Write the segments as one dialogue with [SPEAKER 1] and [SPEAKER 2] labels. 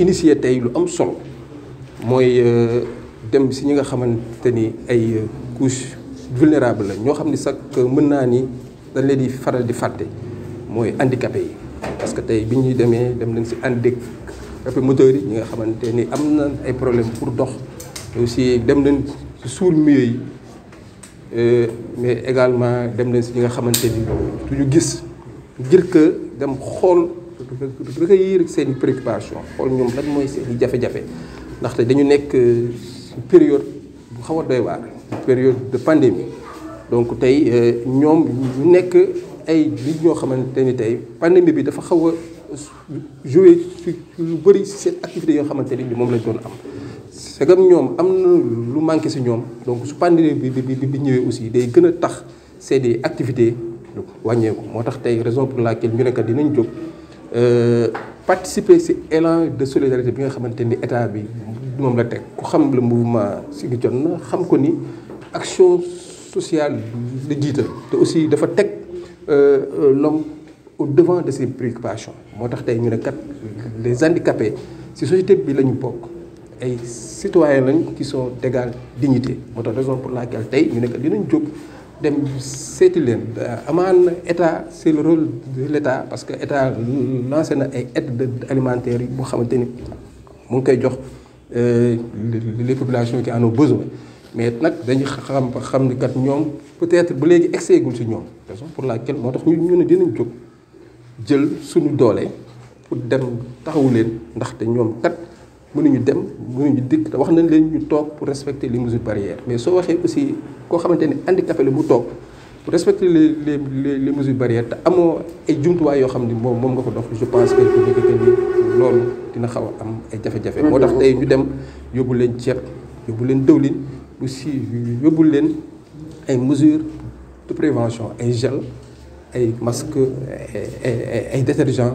[SPEAKER 1] initié tey lu am solo mooy euh, dem si ñi nga xamante ni ay euh, couche vulnérable la ñoo xam ni sax mën naa ni dañ leen di faral di fàtte mooy handicapé yi parce que tey bi ñuy demee dem nañ si handicapé moteur yi ñi nga xamante ni am na ay problème pour dox aussi dem nañ si sourds-muets yi euh, mais également dem nañ si ñi nga xamante ni duñu gis ngir que dem xool recueillir seen i préoccupations xool ñoom lan mooy seen i jafé jafe ndaxte dañu nek euh, période bu xaw doy waar période de pandémie donc tay euh, ñom ñu nek ay nit ñoo xamanteni tay pandémie bi dafa xawa jouer ci lu bari ci seen activité yoo xamanteni ni moom lañ doon am segam ñoom am na lu manqué ci ñom donc su pandémie bi bi bi ñëwee aussi day gëna tax c'est des activités wàññeeku moo tax tey raison pour laquelle ñu rek dinañ jog euh, participer ce élan de solidarité bi nga xamante état bi nous la teg ku xam le mouvement Siggi Jotna xam ko ni action sociale de jiital te aussi dafa faire euh, euh, l'homme au devant de ses préoccupations moo tax ñu les handicapés ces société bi la et citoyens qui sont d'égale dignité C'est la raison pour laquelle nous ñu ne dem seeti leen euh, amaan na état c'est le rôle de l'état parce que état lancé na ay aides alimentaires yi boo xamante ni mu ngi koy jox euh, les populations qui en ont besoin mais nag dañu xam xam ni kat ñoom peut-être ba léegi excès gul si ñoom raison pour laquelle moo tax ñu ñu ne dinañ jóg jël suñu doole pour dem taxawu leen ndaxte ñoom kat mënuñu dem mënuñu dikk wax nañ leen ñu toog pour respecter les mesures barrières mais soo waxee aussi koo xamante ne handicapé la mu toog pour respecter les les les mesures barrières te amoo ay jumtuwaay yoo xam ni moom moom nga ko dox je pense que pour que ni loolu dina xaw a am ay jafe-jafe. moo tax tey ñu dem yóbbu leen ceeb yóbbu leen dëwlin aussi yóbbu leen ay mesures de prévention ay gel ay masque ay ay détergent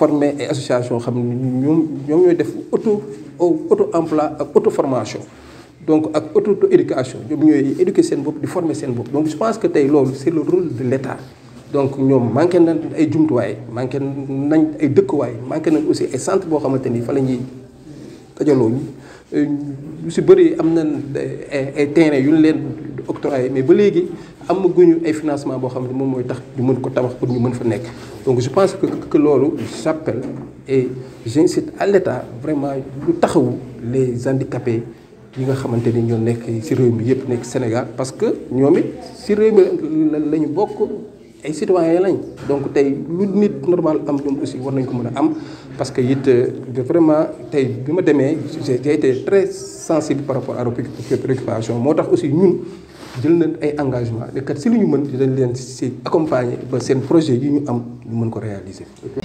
[SPEAKER 1] former ay association xam ne ñoom ñoom ñooy def auto auto emploi ak auto formation donc ak auto éducation ñoom ñooy éduquer seen bopp di former seen bopp donc je pense que tey loolu c'est le rôle de l'État donc ñoom manqué nañ ay jumtuwaay manqué nañ ay dëkkuwaay manqué nañ aussi ay centre boo xamante ni fa la ñuy dajaloo euh, ñu si bëri am na ay terrain yu ñu leen octroyé mais ba léegi amaguñu ay financement boo xam ne moom mooy tax ñu mën ko tabax pour ñu mën fa nekk donc je pense que que loolu j'appelle et j'incite à l'État vraiment lu taxawu les handicapés yi nga xamante ni ñoo nekk ci réew mi yëpp nekk Sénégal parce que ñoom it ci réew mi la ñu bokk ay citoyen lañ donc tey lu nit normal am ñoom aussi war nañ ko mën a am parce que it euh, vraiment tey bi ma demee j'ai été très sensible par rapport à préoccupation moo tax aussi ñun jël nañ ay engagement de si lu ñu mën dañ leen si accompagner ba seen projet yi ñu am ñu mën ko réaliser